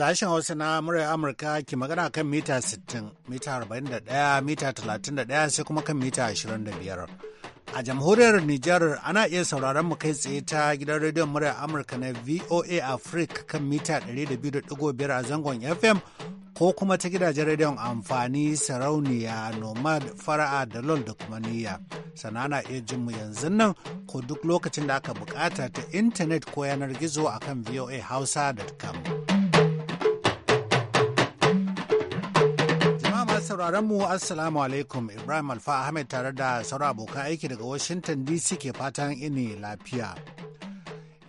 Sashen Hausa na murar Amurka ke magana kan mita 60, mita 41, mita 31 sai kuma kan mita 25. A jamhuriyar Nijar ana iya sauraron mu kai tsaye ta gidan rediyon murar Amurka na VOA Africa kan mita 200.5 a zangon FM ko kuma ta gidajen rediyon amfani sarauniya nomad fara'a da lol da kuma niyya sana na iya jin mu yanzu nan ko duk lokacin da aka bukata ta intanet ko yanar gizo akan voahausa.com. sauraron mu Assalamu alaikum Ibrahim Alfa Ahmed tare da sauran abokan aiki daga Washington DC ke fatan ini lafiya.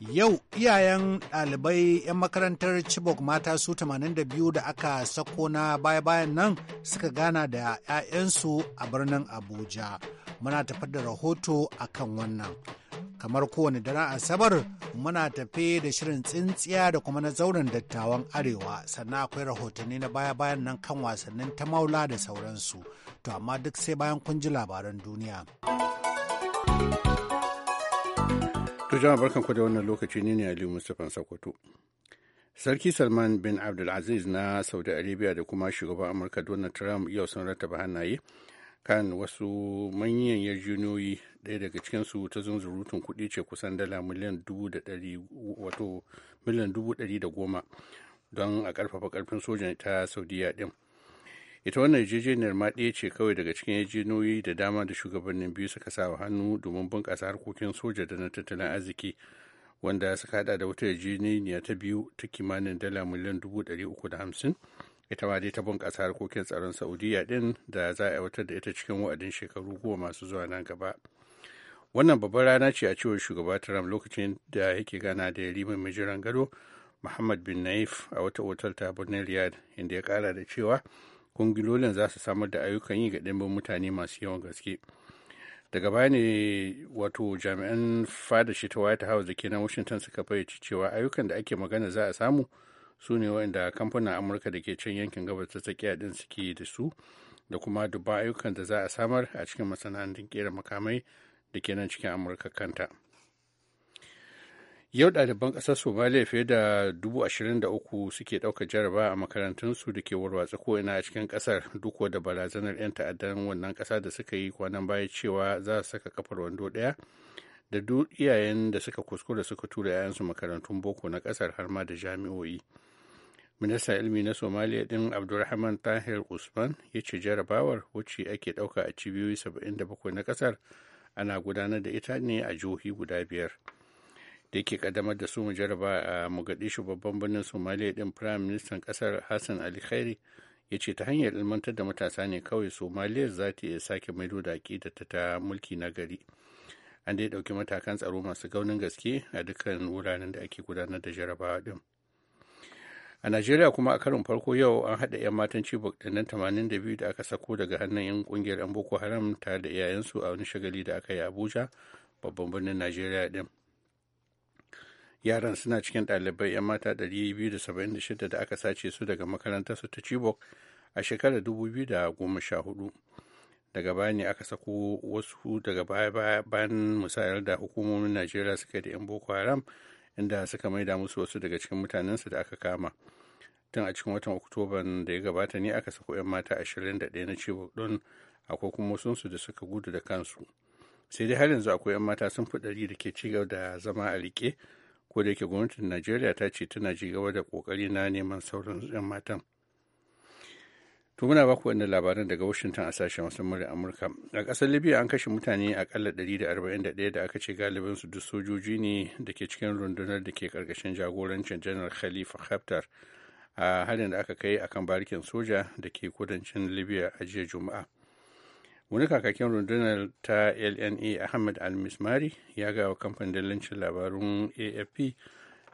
Yau iyayen ɗalibai 'yan makarantar Chibok mata su 82 da aka sako na baya-bayan nan suka gana da 'ya'yansu a birnin Abuja. Muna tafi da rahoto akan wannan. kamar kowane daren asabar muna tafe da shirin tsintsiya da kuma na zauren dattawan arewa sannan akwai rahotanni na baya-bayan nan kan wasannin ta maula da sauransu to amma duk sai bayan kun ji labaran duniya. To jama'a barkanku da wannan lokaci ne ne Aliyu Mustapha Sokoto. Sarki Salman bin abdul Abdulaziz na Saudi Arabia da kuma shugaban Amurka Donald Trump yau sun rattaba hannaye kan wasu manyan yarjejeniyoyi ɗaya daga cikin su ta zunzurutun kuɗi ce kusan dala miliyan dubu da ɗari wato miliyan dubu ɗari da goma don a ƙarfafa ƙarfin sojan ta saudiya ɗin ita wannan yarjejeniyar ma ɗaya ce kawai daga cikin yarjejeniyoyi da dama da shugabannin biyu suka sa hannu domin bunƙasa harkokin soja da na tattalin arziki wanda suka hada da wata yarjejeniya ta biyu ta kimanin dala miliyan dubu ɗari uku da hamsin ita ma dai ta bunƙasa harkokin tsaron saudiya ɗin da za a wata da ita cikin wa'adin shekaru goma masu zuwa nan gaba wannan babbar rana ce a cewar shugaba trump lokacin da yake gana da liman mai jiran gado muhammad bin naif a wata otal ta birnin riyadh inda ya kara da cewa kungilolin za su samar da ayyukan yi ga ɗimbin mutane masu yawan gaske daga baya ne wato jami'an fada shi ta white house da ke nan washington suka fayyace cewa ayyukan da ake magana za a samu su ne wanda kamfanin amurka da ke can yankin gabas ta tsakiya din suke da su da kuma dubban ayyukan da za a samar a cikin masana'antun kera makamai da ke nan cikin amurka kanta yau ɗaliban ƙasar somaliya fiye da dubu ashirin da uku suke ɗaukar jaraba a makarantunsu da ke warwatsa ko ina a cikin ƙasar duk da barazanar 'yan ta'addan wannan kasa da suka yi kwanan baya cewa za su saka kafar wando ɗaya da duk iyayen da suka kuskura suka tura 'ya'yansu makarantun boko na kasar har ma da jami'o'i ministan ilmi na somaliya ɗin abdulrahman tahir usman ya ce jarabawar wacce ake ɗauka a cibiyoyi saba'in 77 na ƙasar ana gudanar da ita ne a jihohi guda biyar da ke kaddamar da su jaraba a mogadishu babban birnin somaliya din prime ministan kasar hassan ali khairi ya ce ta hanyar ilmantar da matasa ne kawai somaliya za ta iya sake maido da aƙidata ta mulki na gari an dai ɗauki matakan tsaro masu gaunin gaske a dukkan wuraren da ake gudanar da jarabawa ɗin. a najeriya kuma a karin farko yau an haɗa 'yan matan chibok nan 82 da aka sako daga hannun 'yan ƙungiyar 'yan boko haram tare da iyayensu a wani shagali da aka yi abuja babban birnin najeriya din. yaran suna cikin ɗalibai 'yan mata 276 da aka sace su daga makarantar su ta chibok a shekarar 2014 daga baya ne aka sako wasu daga baya bayan musayar da hukumomin najeriya suka da 'yan boko haram inda suka maida musu wasu daga cikin mutanensu da aka kama tun a cikin watan oktoban da ya gabata ne aka sako 'yan mata 21 na ciwo don akwai kuma wasunsu da suka gudu da kansu sai dai har yanzu akwai 'yan mata sun fi ɗari da ke ci gaba da zama a rike ko da yake gwamnatin najeriya ta ce tana ci gaba da kokari na neman sauran 'yan matan To muna baku wannan labaran daga Washington a sashen wasan murya Amurka. A kasar Libya an kashe mutane akalla 141 da aka ce galibin su duk sojoji ne da ke cikin rundunar da ke karkashin jagorancin Janar Khalifa Haftar a harin da aka kai akan barikin soja da ke kudancin Libya a jiya Juma'a. Wani kakakin rundunar ta LNA Ahmad Al-Mismari ya gawa kamfanin dillancin labarun AFP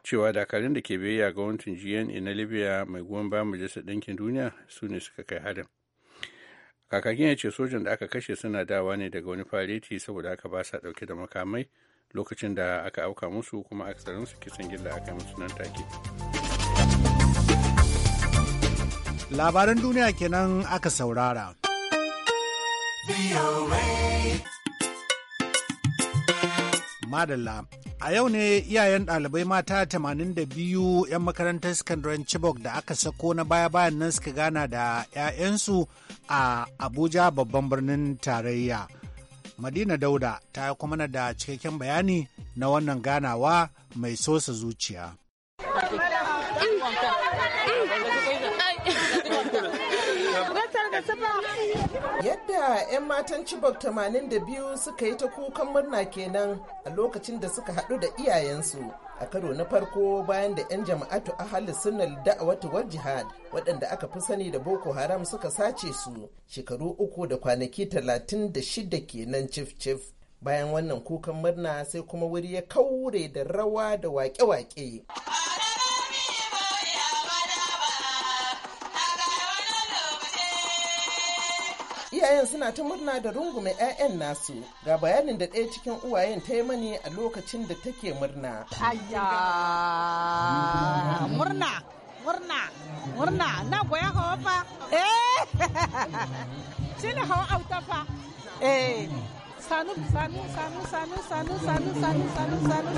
cewa dakarun da ke biyayya ga wancan gna na libya mai goyon bayan majalisar ɗinkin duniya su ne suka kai harin kakakin ya ce sojan da aka kashe suna dawa ne daga wani fareti saboda aka ba sa ɗauke da makamai lokacin da aka auka musu kuma aksarin su kisan gilla aka musu nan take labaran duniya kenan aka saurara. Madalla. A yau ne iyayen ɗalibai mata 82 'yan makarantar sakandaren Chibok da aka sako na baya-bayan nan suka gana da 'ya'yansu a Abuja babban birnin tarayya. Madina Dauda ta yi kuma da cikakken bayani na wannan ganawa mai sosa zuciya. Yadda 'yan matan Chibok 82 suka yi ta kukan murna kenan a lokacin da suka haɗu da iyayensu a karo na farko bayan da 'yan jama'atu a halin sunan da'awatu war jihad waɗanda aka fi sani da Boko Haram suka sace su shekaru uku da kwanaki 36 kenan cif-cif. Bayan wannan kukan murna sai kuma wuri ya kaure da rawa da wake-wake. iyayen suna ta murna da rungume 'ya'yan nasu ga bayanin da ɗaya cikin uwayen ta yi mani a lokacin da take murna. Ayya murna murna murna na goya hawa fa eh shi ne hawa auta fa eh sanu sanu sanu sanu sanu sanu sanu sanu sanu sanu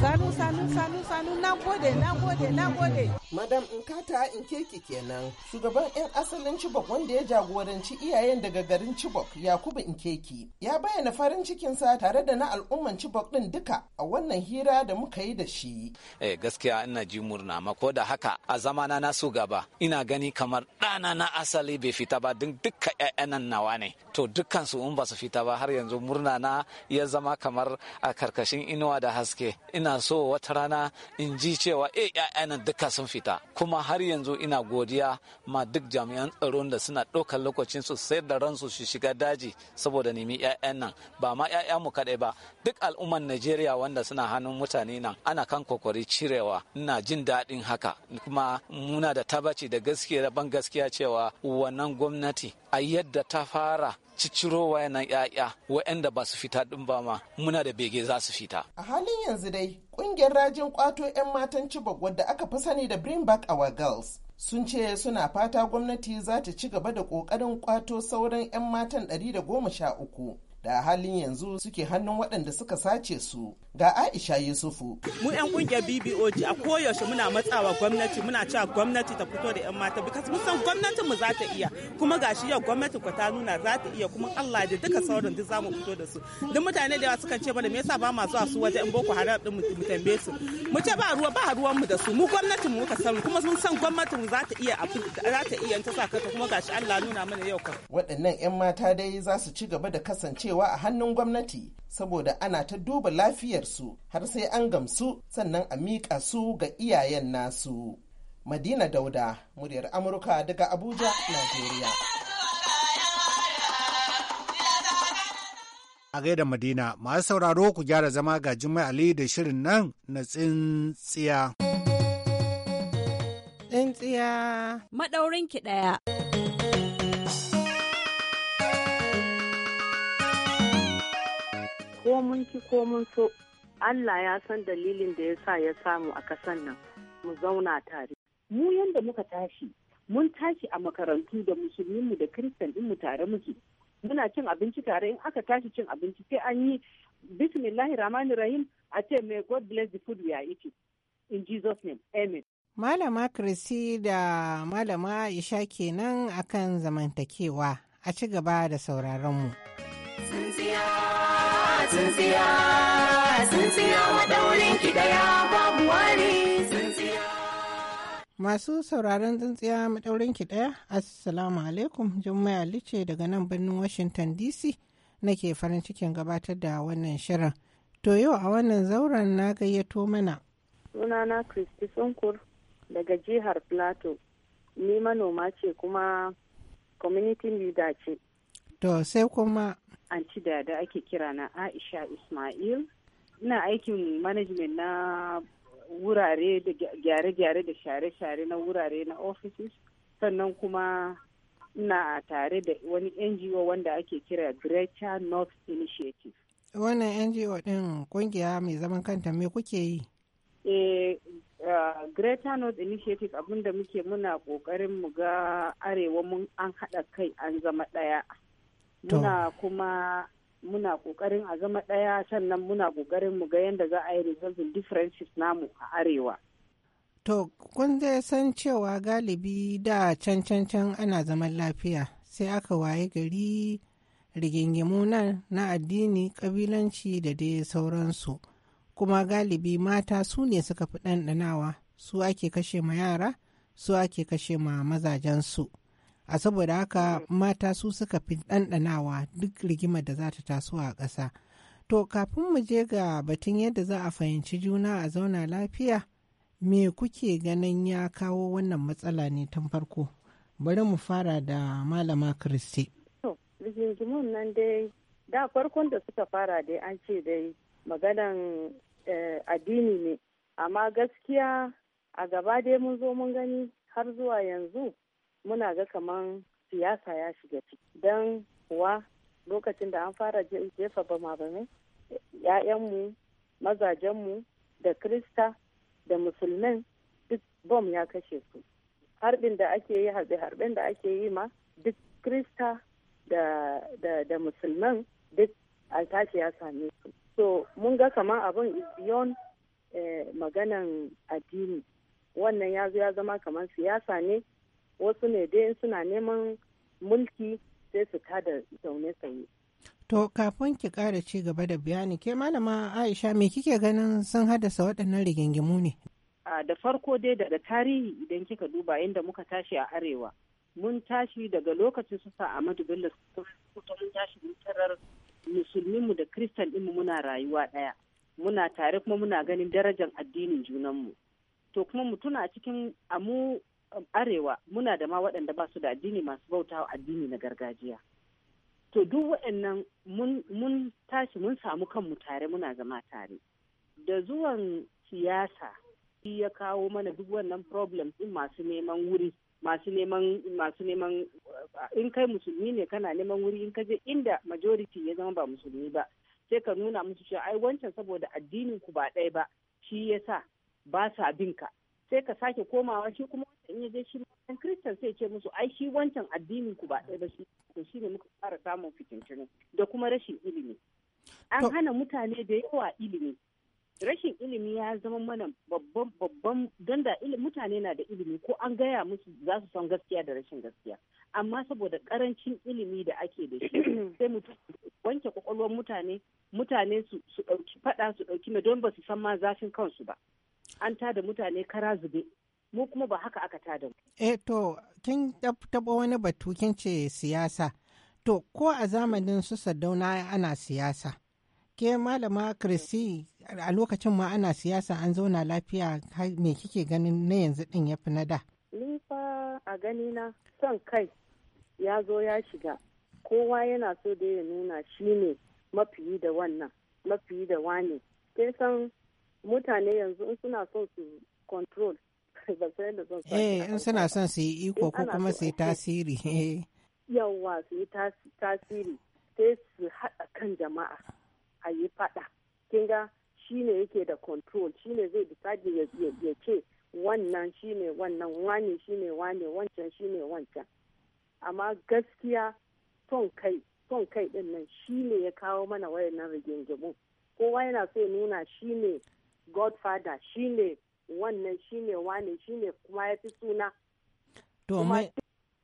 sanu sanu sanu sanu na gode nan gode nan gode madam nkata inkeki kenan shugaban yan asalin chibok wanda ya jagoranci iyayen daga garin chibok yakubu inkeki ya bayyana farin cikinsa tare da na al'umman chibok din duka a wannan hira da muka yi da shi eh gaskiya ina ji murna ma ko da haka a zamana na su gaba ina gani kamar ɗana na asali bai fita ba duk duka ƴaƴan nawa ne to dukkan su in ba su fita ba har yanzu yanzu murna na ya zama kamar a karkashin inuwa da haske ina so wata rana in ji cewa eh nan duka sun fita kuma har yanzu ina godiya ma duk jami'an tsaron da suna ɗaukar lokacin su sayar da ransu su shiga daji saboda nemi ya'yan nan ba ma ƴaƴan mu kaɗai ba duk al'umman Najeriya wanda suna hannun mutane nan ana kan kokari cirewa ina jin daɗin haka kuma muna da tabaci da gaskiya da ban gaskiya cewa wannan gwamnati a yadda ta fara cicirowa na ya'ya wa'anda ba su fita din ba ma muna da bege za su fita. A halin yanzu dai kungiyar rajin kwato 'yan matan Chibok wadda aka fi sani da Bring Back Our Girls sun ce suna fata gwamnati za ta ci gaba da ƙoƙarin kwato sauran 'yan matan 113 da halin yanzu suke hannun waɗanda suka sace su ga aisha yusufu mu yan kungiyar bbog a koyaushe muna matsawa gwamnati muna cewa gwamnati ta fito da yan mata bikas mun san gwamnatin mu za ta iya kuma gashi yau gwamnati ku ta nuna za ta iya kuma allah da duka sauran duk zamu fito da su duk mutane da yawa sukan ce mana me yasa ba ma zuwa su in boko haram din mu tambaye su mu ce ba ruwa ba ruwan mu da su mu gwamnati mu muka san kuma mun san gwamnati mu za ta iya za ta iya ta sa kuma gashi allah nuna mana yau ka waɗannan yan mata dai za su ci gaba da kasancewa cewa a hannun gwamnati saboda ana ta duba lafiyarsu har sai an gamsu sannan a miƙa su ga iyayen nasu. Madina Dauda, muryar Amurka daga Abuja, Najeriya. A gaida Madina, masu sauraro ku gyara zama ga Jummai Ali da shirin nan na tsintsiya. Tsintsiya. Maɗaurinki ɗaya. mun ki ko mun so Allah ya san dalilin da ya sa ya samu a kasan nan mu zauna tare. Mu yanda muka tashi, mun tashi a makarantu da musulminmu da kiristan mu tare muke. Muna cin abinci tare in aka tashi cin abinci sai an yi bismillahir rahmanir rahim a ce may God bless the food we are eating. In Jesus name, amen. Malama Kirsi da Malama Aisha kenan akan zamantakewa a ci gaba da sauraronmu. Tsintsiya Masu sauraron tsintsiya madaurin ki ɗaya, Assalamu alaikum, Jummai Ali daga nan birnin Washington DC nake farin cikin gabatar da wannan shirin. To yau a wannan zauren na gayyato mana. Sunana Kristi Sunkur daga jihar Plateau. Ni manoma ce kuma community leader ce. To sai kuma anti da da ake kira na aisha ismail ina aikin management na wurare da gyare-gyare da share-share na wurare na offices sannan kuma ina tare da wani ngo wanda ake kira greater north initiative wannan ngo din kungiya mai zaman kanta me kuke yi eh Uh, Greater North Initiative abinda muke muna kokarin mu ga arewa mun an haɗa kai an zama ɗaya. muna kuma muna kokarin a zama ɗaya sannan muna kokarin mu ga yadda za a yi resolving differences namu a arewa to kun zai san cewa galibi da can can can ana zaman lafiya sai aka waye gari rigingimu nan na addini kabilanci da dai sauransu kuma galibi mata su ne suka fi ɗanɗanawa su ake kashe ma yara su ake kashe ma mazajensu a saboda haka mm. mata su suka fi ɗanɗanawa duk rigima da za ta taso a ƙasa to kafin mu je ga batun yadda za a fahimci juna a zauna lafiya me kuke ganin ya kawo wannan matsala ne tun farko bari mu fara da malama kristi nan dai da farkon da suka fara dai an ce dai maganan eh, addini ne amma gaskiya a gaba dai mun zo mun gani har zuwa yanzu muna ga kaman siyasa ya shiga ciki don kuwa lokacin da an fara jefa bama bame ‘ya'yanmu mazajenmu da krista da musulmin duk bom ya kashe su harbin da ake yi harbe harbin da ake yi ma duk krista da, da, musulman duk altashi ya same su so mun ga kaman abin is eh, maganan addini wannan ya ya zama kaman siyasa ne wasu ne dai suna neman mulki sai su tada zaune sanyi. To kafin ki ƙara ci gaba da bayani ke malama Aisha me kike ganin sun haddasa waɗannan rigingimu ne? Da farko dai daga tarihi idan kika duba inda muka tashi a arewa mun tashi daga lokacin su sa Ahmadu Bello kuma mun tashi mun tarar musulminmu da kristan ɗinmu muna rayuwa ɗaya muna tare kuma muna ganin darajar addinin junanmu to kuma mu tuna cikin amu Um, arewa muna da ma waɗanda ba su da addini masu bautawa addini na gargajiya to duk waɗannan mun tashi mun samu kanmu tare muna zama tare da zuwan siyasa ya kawo mana duk wannan problem din masu neman wuri masu neman masu neman uh, in kai musulmi ne kana neman wuri in ka je inda majority ya zama ba musulmi ba sai ka nuna musu cewa ai wancan saboda addinin ku ba ɗaya ba shi yasa ba sa bin ka sai ka sake komawa shi kuma in ya je shi wancan kristan sai ce musu ai shi wancan addinin ku ba ɗaya ba shi to shine muka fara samun fitintunu da kuma rashin ilimi an hana mutane da yawa ilimi rashin ilimi ya zama mana babban babban da mutane na da ilimi ko an gaya musu za su san gaskiya da rashin gaskiya amma saboda karancin ilimi da ake da shi sai mutum wanke kwakwalwar mutane mutane su ɗauki faɗa su ɗauki don ba su san ma zafin kansu ba an tada mutane kara zube mu kuma ba haka aka tada mu. Eh to kin taɓa wani batu kin ce siyasa. To ko a zamanin su sadauna ana siyasa. Ke malama Kirsi a lokacin ma ana siyasa an zauna lafiya me kike ganin na yanzu din ya fi na da? Ni fa a gani na son kai ya zo ya shiga kowa yana so da ya nuna shi ne mafi da wannan mafi da wane. san mutane yanzu in suna son su control ba su yadda son eh in suna son su yi iko ko kuma eh. su yi tasiri yawa su yi tasiri sai su haɗa kan jama'a a yi faɗa kinga ga shi ne yake da control shi ne zai decide ya ce wannan shi ne wannan wane shi ne wane wancan shi ne wancan amma gaskiya son kai son kai din shi ne ya kawo mana wayannan rigingimu kowa yana so ya nuna shi ne godfather shine wannan shine wane shine kuma ya fi suna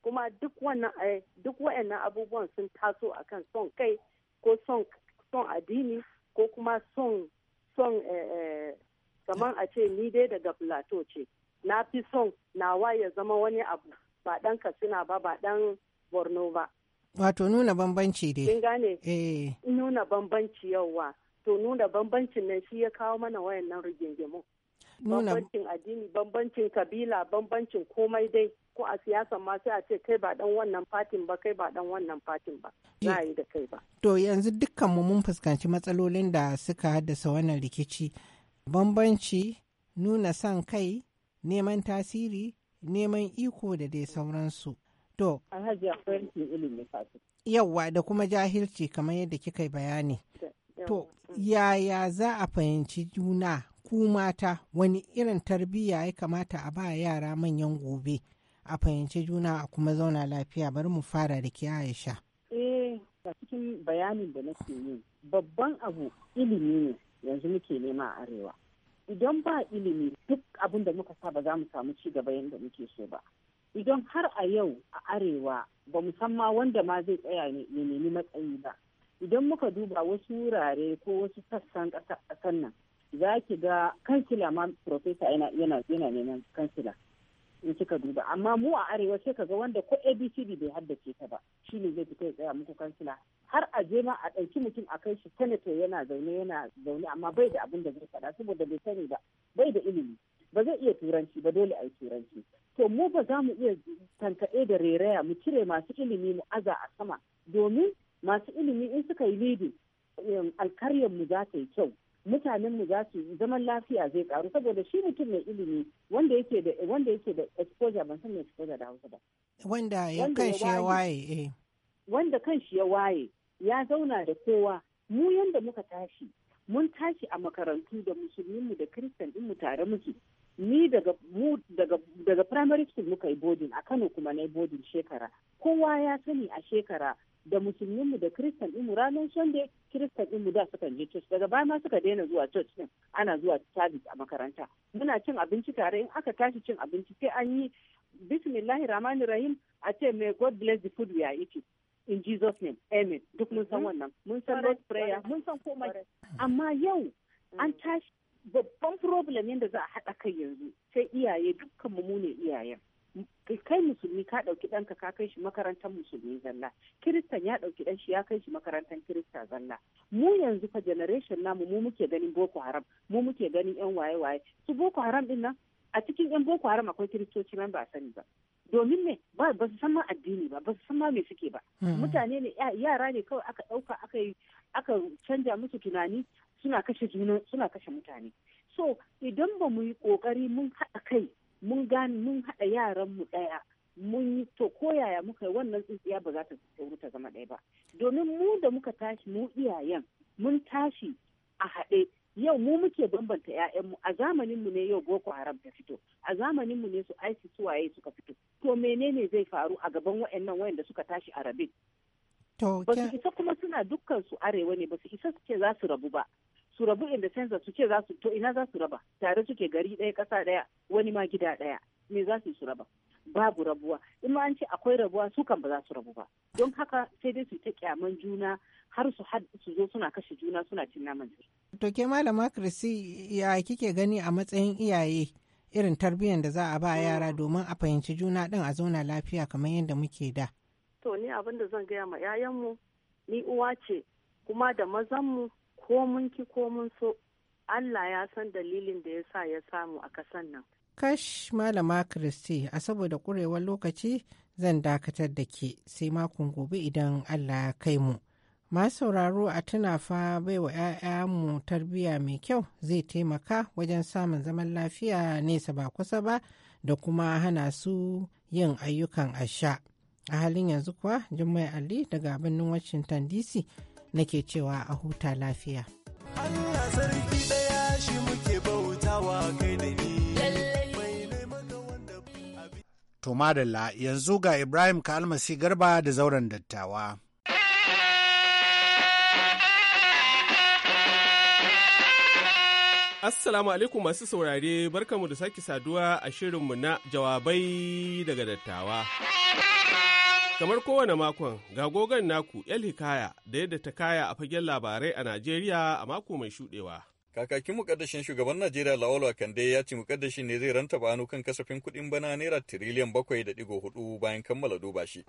kuma duk wannan eh, duk wayannan abubuwan sun taso akan son kai ko son son addini ko kuma son son eh, eh, kamar a ce ni dai daga plateau ce na fi son nawa ya zama wani abu ba dan katsina ba ba dan borno ba wato nuna bambanci dai kin gane nuna bambanci yauwa to nuna bambancin nan shi ya kawo mana wayannan rigingimu bambancin addini bambancin kabila bambancin komai dai ko a siyasan ma sai a ce kai ba dan wannan fatin ba kai ba dan wannan fatin ba za a yi da kai ba to yanzu dukkan mu mun fuskanci matsalolin da suka haddasa wannan rikici bambanci nuna son kai neman tasiri neman iko da dai sauransu to alhaji akwai yauwa da kuma jahilci kamar yadda kika yi bayani To, mm. yaya za a fahimci juna ku mata wani irin tarbiyya ya kamata a ba yara manyan gobe a fahimci juna a kuma zauna lafiya bari mu fara da ke Aisha. Eh, a cikin bayanin da nake yi babban abu ilimi ne yanzu muke nema a arewa. Idan ba ilimi duk abin da muka sa ba za mu samu ci gaba yadda muke so ba. Idan har a yau a arewa ba mu san wanda ma zai tsaya ya nemi matsayi ba. idan muka duba wasu wurare ko wasu sassan kasan nan za ki ga kansila ma profesa yana neman kansila in kika duba amma mu a arewa sai ka ga wanda ko abcd bai haddace ta ba ne zai fita ya tsaya muku kansila har a je ma a ɗauki mutum a kai shi senator yana zaune yana zaune amma bai da abin da zai faɗa saboda bai sani ba bai da ilimi ba zai iya turanci ba dole a yi turanci to mu ba za mu iya tankaɗe da reraya mu cire masu ilimi mu aza a sama domin masu ilimi in suka yi lidi um, alkaryar mu za ta yi kyau mutanen mu za su zaman lafiya zai karu saboda shi mutum mai ilimi wanda yake da wanda yake da exposure ban san exposure da Hausa ba wanda ya kan shi ya waye eh. wanda kan shi ya waye ya zauna da kowa mu yanda muka tashi mun tashi a makarantu da musulmin mu da kristan din mu tare muke ni daga mu daga daga primary school muka yi boarding a Kano kuma na yi boarding shekara kowa ya sani a shekara da musulminmu da kristan ɗinmu ranar sunday kristan ɗinmu da suka je church daga baya ma suka daina zuwa church ɗin ana zuwa service a makaranta muna cin abinci tare in aka tashi cin abinci sai an yi bismillahi rahmani rahim a ce may god bless the food we are eating in jesus name amen duk mun san mhm. wannan mun san lord prayer mun san komai amma yau mhm. an tashi babban problem yadda za a haɗa kai yanzu sai iyaye dukkan mu ne iyayen kai musulmi ka ɗauki ɗanka ka kai shi makarantar musulmi zalla kiristan ya ɗauki ɗan shi ya kai shi makarantar kirista zalla mu yanzu fa generation namu mu muke ganin boko haram mu muke ganin yan waye waye su boko haram din nan a cikin yan boko haram akwai kiristoci man ba sani ba domin me ba ba su san ma addini ba ba su san ma me suke ba hmm. mutane ne yara ne kawai aka ɗauka aka aka canja musu tunani suna kashe juna suna kashe mutane so idan ba mu yi ƙoƙari mun haɗa kai mun gane mun haɗa yaran mu ɗaya mun yi to koyaya yaya muka yi wannan tsintsiya ba za ta sauru ta zama ɗaya ba domin mu da muka tashi mu iyayen mun tashi a haɗe yau mu muke bambanta 'ya'yanmu a zamanin mu ne yau boko haram ta fito a zamanin mu ne su aiki su waye suka fito to menene zai faru a gaban waɗannan wayanda suka tashi a rabe ba su isa kuma suna dukkan su arewa ne ba su isa suke za su rabu ba su rabu in the su ce za su to ina za su raba tare suke gari ɗaya ƙasa ɗaya wani ma gida ɗaya me za su su raba babu rabuwa in ma an ce akwai rabuwa su kan ba za su rabu ba don haka sai dai su ta kyaman juna har su su zo suna kashe juna suna cin naman to ke malama kirsi ya kike gani a matsayin iyaye irin tarbiyyar da za a ba yara domin a fahimci juna din a zauna lafiya kamar yadda muke da to ni abin da zan gaya ma 'ya'yanmu ni uwa ce kuma da mazanmu ko mun ki ko mun so Allah ya san dalilin da ya sa ya samu a kasan nan. Kash Malama Kristi a saboda ƙurewar lokaci zan dakatar da ke sai makon gobe idan Allah ya kai mu. Masu sauraro a tuna fa bai ya'ya mu tarbiyya mai kyau zai taimaka wajen samun zaman lafiya nesa ba kusa ba da kuma hana su yin ayyukan asha. A halin yanzu kuwa Jummai Ali daga birnin Washington DC nake cewa a huta lafiya. Allah sarki ɗaya shi muke bautawa kai da ni. To madalla yanzu ga Ibrahim ka almasi garba da zauren dattawa. Assalamu alaikum masu saurare barkamu da sake saduwa a shirinmu na jawabai daga dattawa. Kamar kowane makon, ga gogon naku El Hikaya da yadda ta kaya a fagen labarai a Najeriya a mako mai shuɗewa. Kakakin mukaddashin shugaban Najeriya Lawal Kande ya ce mukaddashin ne zai ranta hannu kan kasafin kuɗin bana naira tiriliyan bakwai da digo hudu bayan kammala duba shi.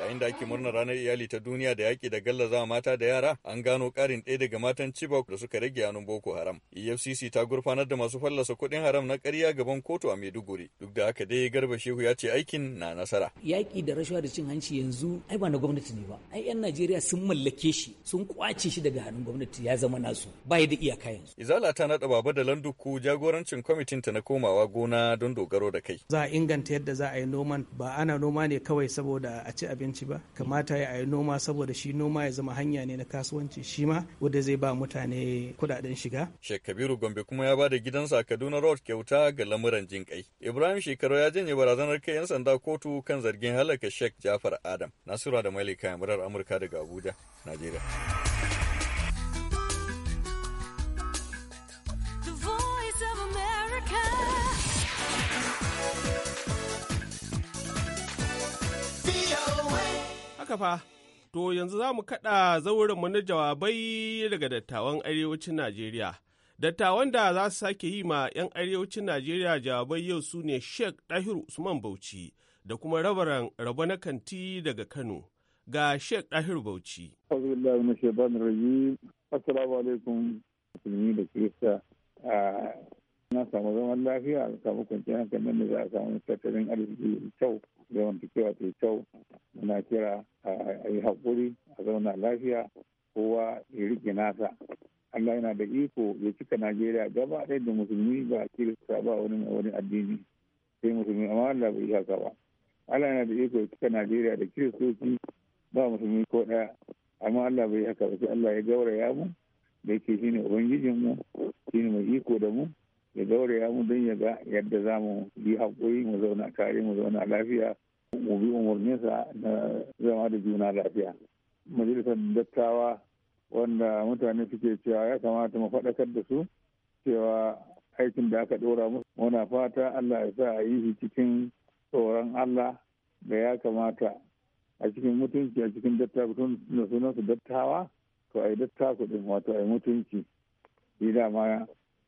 yayin da ake murnar ranar iyali ta duniya da yaƙi da galla gallaza mata da yara an gano ƙarin ɗaya daga matan Chibok da suka rage hannun Boko Haram. EFCC ta gurfanar da masu fallasa kuɗin haram na ƙarya gaban kotu a Maiduguri. Duk da haka dai Garba Shehu ya ce aikin na nasara. Yaƙi da rashawa da cin hanci yanzu ai ba na gwamnati ne ba. Ai 'yan Najeriya sun mallake shi sun kwace shi daga hannun gwamnati ya zama nasu ba da iyaka yanzu. Izala ta naɗa baba da landuku jagorancin kwamitin ta na komawa gona don dogaro da kai. Za a inganta yadda za a yi noman ba ana noma ne kawai saboda a ci abin ganci ba kamata ya yi noma saboda shi noma ya zama hanya ne na kasuwanci shi ma wanda zai ba mutane kudaden shiga kabiru gombe kuma ya ba da gidansa a kaduna road kyauta ga lamuran jin kai ibrahim shekaru ya janye barazanar kai yan sanda kotu kan zargin halaka sheikh jafar adam nasura da malika yamurar amurka daga abuja najeriya Haka fa, to yanzu za mu kaɗa zaurinmu na jawabai daga dattawan arewacin Najeriya. Dattawan da za su sake yi ma 'yan arewacin Najeriya jawabai yau su ne Sheikh Dahiru Usman Bauchi da kuma rabaran raba na kanti daga Kano. Ga Sheikh Dahiru Bauchi. Assalamu alaikum musulmi da Kirista ah, na samu zaman lafiya a samu kwanciyar hankalin da za a samu tattalin arziki kyau da ta kyau muna kira a yi haƙuri a zauna lafiya kowa ya riƙe nasa Allah yana da iko ya cika Najeriya gaba ɗaya da musulmi ba a kirista ba wani wani addini sai musulmi amma Allah bai haka ba Allah yana da iko ya cika Najeriya da kiristoci ba musulmi ko ɗaya amma Allah bai haka ba sai Allah ya gauraya mu da yake shine ubangijin mu shine mai iko da mu ya gauraya mu don ya ga yadda za mu yi haƙuri mu zauna tare mu zauna lafiya mu bi umarninsa na zama da juna lafiya majalisar dattawa wanda mutane suke cewa ya kamata mu faɗakar da su cewa aikin da aka ɗora musu muna fata allah ya sa a yi shi cikin tsoron allah da ya kamata a cikin mutunci a cikin dattawa da sunansu dattawa to a yi dattawa kuɗin wato a yi mutunci shi ma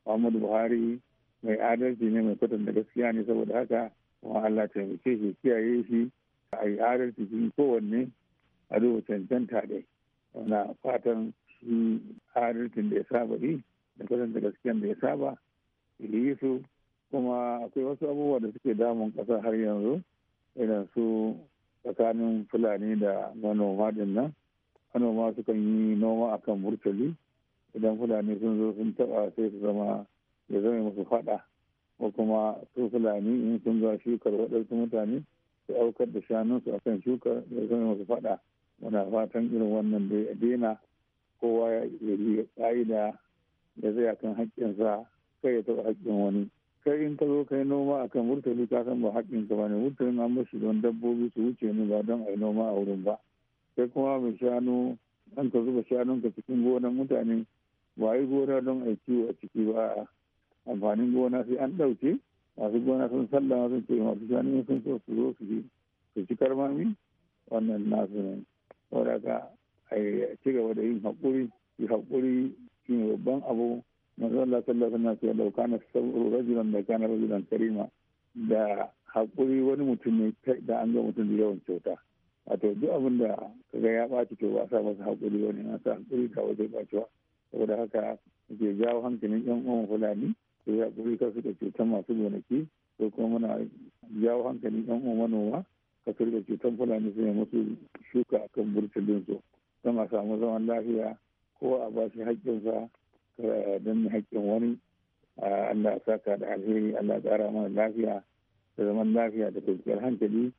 Muhammadu Buhari mai adalci ne mai kwatanta gaskiya ne saboda haka kuma Allah taimake shi kiyaye shi a yi adalci cikin kowanne a duba cancanta dai. Wana fatan shi adalcin da ya saba yi da kwatanta gaskiya da ya saba yi su kuma akwai wasu abubuwa da suke damun ƙasa har yanzu idan su tsakanin fulani da manoma din nan manoma sukan yi noma akan murtali idan fulani sun zo sun taba sai su zama ya zama musu faɗa ko kuma su fulani in sun zo shukar waɗansu mutane su aukar da shanunsu a kan shukar ya zama musu faɗa muna fatan irin wannan da ya daina kowa ya yi ƙa'ida ya zai akan haƙƙinsa kai ya taɓa haƙƙin wani kai in ka zo kai noma akan wurtali ka san ba haƙƙinka ba ne murtalin an mashi don dabbobi su wuce ni ba don a yi noma a wurin ba sai kuma mai shanu an ka zuba shanunka cikin gonan mutane ba yi gona don a kiwo a ciki ba amfanin gona sai an ɗauke masu gona sun sallama sun ce masu shanu sun so su zo su ci su ci karmami wannan nasu ne a ci gaba da yin haƙuri yi haƙuri shi ne babban abu manzo Allah sallallahu alaihi wasallam ya dauka na sabru rajulan da kana rajulan karima da haƙuri wani mutum ne da an ga mutum da yawan kyauta wato duk abin da kaga ya ɓaci to ba sa masa haƙuri wani na sa haƙuri ka wajen ɓacewa saboda haka ke jawo hankalin yan uwan fulani ko ya haƙuri ka da cutan masu gonaki ko kuma muna jawo hankalin yan uwan manoma ka da cutan fulani su ne musu shuka a kan burtulin su don a samu zaman lafiya ko a ba shi haƙƙinsa don haƙƙin wani Allah saka da alheri Allah ƙara mana lafiya da zaman lafiya da kwanciyar hankali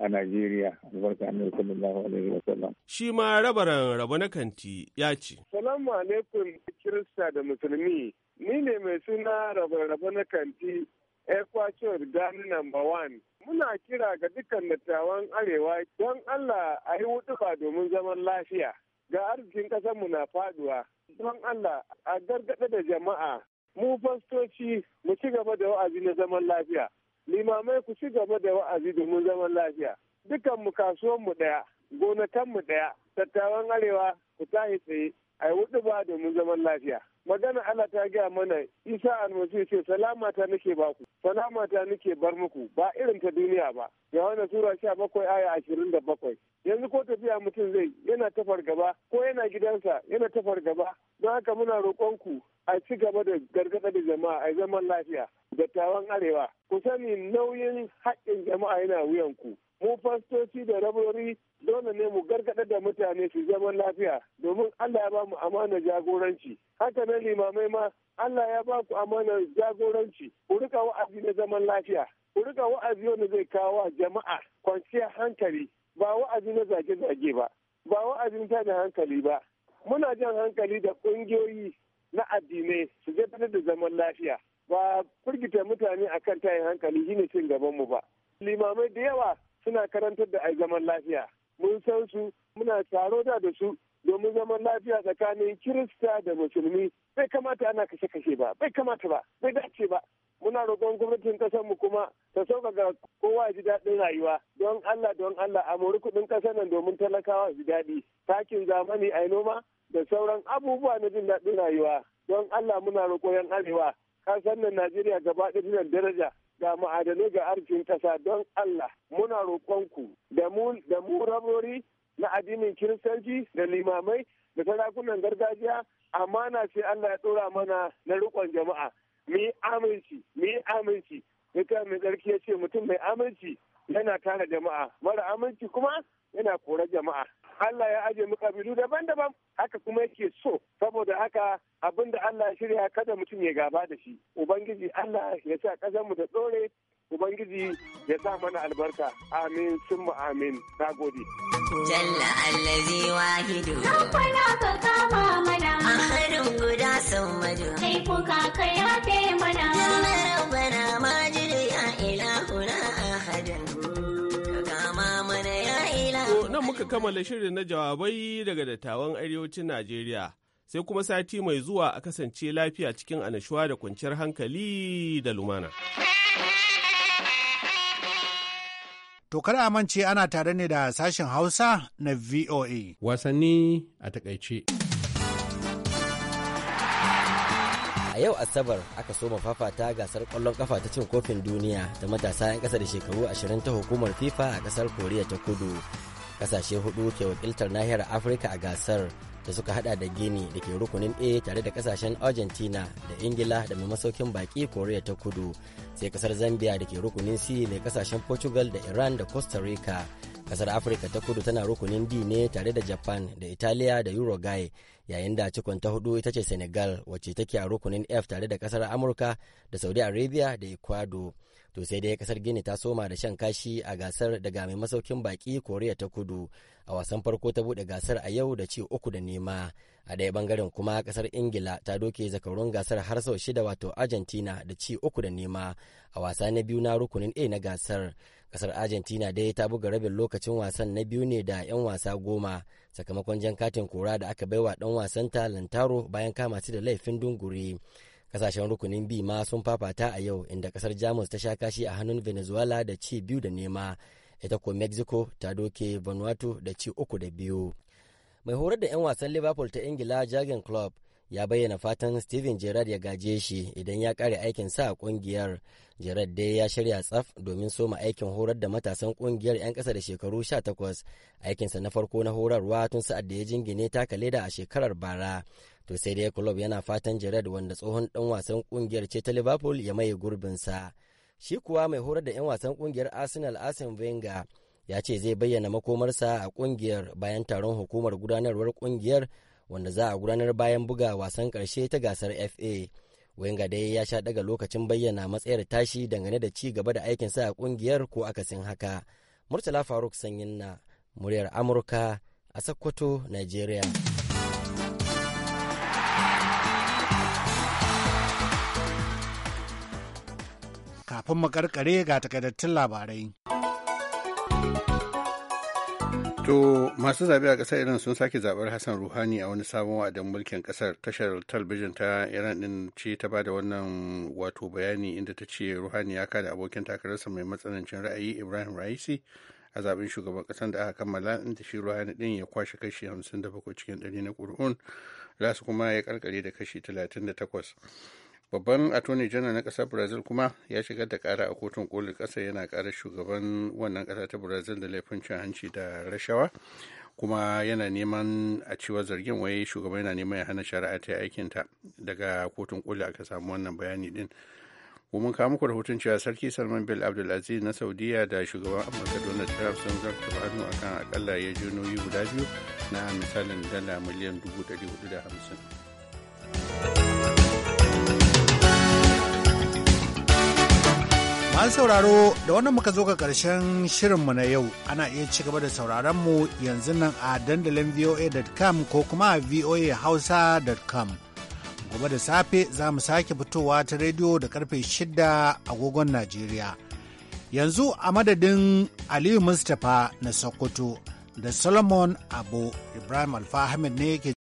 a Najeriya albarka annabi sallallahu alaihi wa sallam. Shi ma rabaran rabu na kanti ya ce. Salamu alaikum Kirista da Musulmi, ni ne mai suna rabaran rabu na kanti Equatorial Gani number one. Muna kira ga dukkan dattawan Arewa don Allah a yi wutufa domin zaman lafiya. Ga arzikin ƙasarmu na faduwa, don Allah a gargaɗa da jama'a, mu fastoci mu ci gaba da wa'azi na zaman lafiya. limamai ku ci gaba da wa'azi domin zaman lafiya dukan mu kasuwan mu daya gonakan mu daya tattawan arewa ku tashi tsaye a yi ba domin zaman lafiya magana Allah ta gaya mana Isa almasihu ce salama ta nake baku salama ta nake bar muku ba irin ta duniya ba Yohana sura sha bakwai aya ashirin da bakwai yanzu ko tafiya mutum zai yana ta fargaba ko yana gidansa yana ta fargaba don haka muna roƙonku a ci gaba da gargaɗa da jama'a a zaman lafiya dattawan arewa ku sani nauyin haƙƙin jama'a yana wuyan ku mu fastoci da rabarori dole ne mu gargaɗa da mutane su zaman lafiya domin Allah ya ba mu amana jagoranci haka nan limamai ma Allah ya ba ku amana jagoranci ku rika wa'azi na zaman lafiya ku rika wa'azi wanda zai kawo jama'a kwanciyar hankali ba wa'azi na zage-zage ba ba wa'azin ta da hankali ba muna jan hankali da ƙungiyoyi na addinai su zai da zaman lafiya ba firgita mutane akan tayin hankali shine cin gaban mu ba limamai da yawa suna karantar da ai zaman lafiya mun san su muna taro da da su domin zaman lafiya tsakanin kirista da musulmi bai kamata ana kashe-kashe ba bai kamata ba bai dace ba muna roƙon gwamnatin ƙasar mu kuma ta sauƙaƙa kowa ji daɗin rayuwa don Allah don Allah a mori kuɗin ƙasar nan domin talakawa ji daɗi takin zamani a noma da sauran abubuwa na jin daɗin rayuwa don Allah muna roƙo yan arewa ƙasar nan Najeriya gaba ɗaya daraja ga ma'adanai ga arzikin ƙasa don Allah muna roƙonku da mu rabori na addinin kiristanci da limamai da sarakunan gargajiya amana sai Allah ya ɗora mana na riƙon jama'a mu yi aminci mu yi aminci duka mai tsarki ya ce mutum mai aminci yana kare jama'a mara aminci kuma yana kora jama'a Allah ya ajiye mu kabilu daban-daban haka kuma yake so saboda haka abin da Allah ya shirya kada mutum ya gaba da shi ubangiji Allah ya sa kasar mu da tsore ubangiji ya sa mana albarka amin summa amin nagode jalla allazi wahidu rabbana ka kama mana ahadun guda sammadu kai kuka kai yafe mana ya rabbana ya ilahuna ahadun nan muka kammala shirin na jawabai daga dattawan arewacin Najeriya. Sai kuma sati mai zuwa a kasance lafiya cikin anashuwa da kwanciyar hankali da lumana. To kada a mance ana tare ne da sashen Hausa na VOA. Wasanni a takaice. A yau Asabar aka soma fafata gasar kwallon kafa ta cin kofin duniya da matasa 'yan ƙasa da shekaru 20 ta hukumar FIFA a ƙasar Koriya ta Kudu. kasashe hudu ke wakiltar nahiyar afirka a gasar da suka hada da gini da ke rukunin a tare da kasashen argentina da ingila da mai masaukin baki korea ta kudu sai kasar zambia da ke rukunin c mai kasashen portugal da iran da costa rica kasar afirka ta kudu tana rukunin d ne tare da japan da italiya da uruguay yayin da cikon ta hudu ita ce senegal wacce take a rukunin f tare da kasar amurka da saudi arabia da ecuador to sai dai kasar gini ta soma da shan kashi a gasar daga mai masaukin baki koriya ta kudu a wasan farko ta bude gasar a yau da ci uku da nema a daya bangaren kuma kasar ingila ta doke zakarun gasar har sau shida wato argentina da ci uku da nema a wasa na biyu na rukunin a na gasar kasar argentina dai ta buga rabin lokacin wasan na biyu ne da 'yan wasa goma sakamakon jan katin kora da aka baiwa dan wasanta lantaro bayan kama su da laifin dunguri kasashen rukunin bi ma sun fafata a yau inda kasar jamus ta sha kashi a hannun venezuela da ci biyu da nema ita ko mexico ta doke vanuatu da ci uku da biyu mai horar da 'yan wasan liverpool ta ingila jagen club ya bayyana fatan steven gerrard ya gaje shi idan ya kare aikin sa a kungiyar gerrard dai ya shirya tsaf domin soma aikin horar da matasan kungiyar 'yan kasa da shekaru 18 aikinsa na farko na horarwa tun sa'ad da ya jingine taka leda a shekarar bara to sai dai club yana fatan gerrard wanda tsohon dan wasan kungiyar ce ta liverpool ya maye gurbinsa shi kuwa mai horar da 'yan wasan kungiyar arsenal arsene wenger ya ce zai bayyana makomarsa a kungiyar bayan taron hukumar gudanarwar kungiyar wanda za a gudanar bayan buga wasan ƙarshe ta gasar fa wenga dai ya sha daga lokacin bayyana matsayar tashi dangane da ci gaba da aikin sa a kungiyar ko akasin haka murtala faruk sanyin na muryar amurka a sakkwato nigeria kafin makarkare ga takardattun labarai To masu zaɓe a ƙasar Iran sun sake zaɓar Hassan Ruhani a wani sabon wa'adin mulkin ƙasar tashar talbijin ta Iran ɗin ce ta ba da wannan wato bayani inda ta ce Ruhani ya kada abokin takararsa mai matsanancin ra'ayi Ibrahim Raisi a zaɓen shugaban ƙasar da aka kammala inda shi Ruhani ɗin ya kwashe kashi 57 cikin ɗari na ƙuri'un za kuma ya karkare da kashi 38. babban attorney general na kasar brazil kuma ya shigar da kara a kotun kolin kasa yana kara shugaban wannan kasa ta brazil da laifin cin hanci da rashawa kuma yana neman a cewa zargin wai shugaban yana neman ya hana shari'a ta aikinta daga kotun koli aka samu wannan bayani din mun kawo muku rahoton cewa sarki salman bil abdulaziz na saudiya da shugaban amurka donald trump sun zarta hannu akan akalla ya nauyi guda biyu na misalin dala miliyan dubu ɗari hudu da hamsin. an sauraro da wannan muka zo ga ƙarshen shirinmu na yau ana iya ci gaba da sauraronmu yanzu nan a dandalin voa.com ko kuma voahausa.com. Gobe da safe za mu sake fitowa ta rediyo da karfe 6 agogon Najeriya. Yanzu a madadin Aliyu Mustapha na Sokoto da Solomon abu Ibrahim Alfa ne yake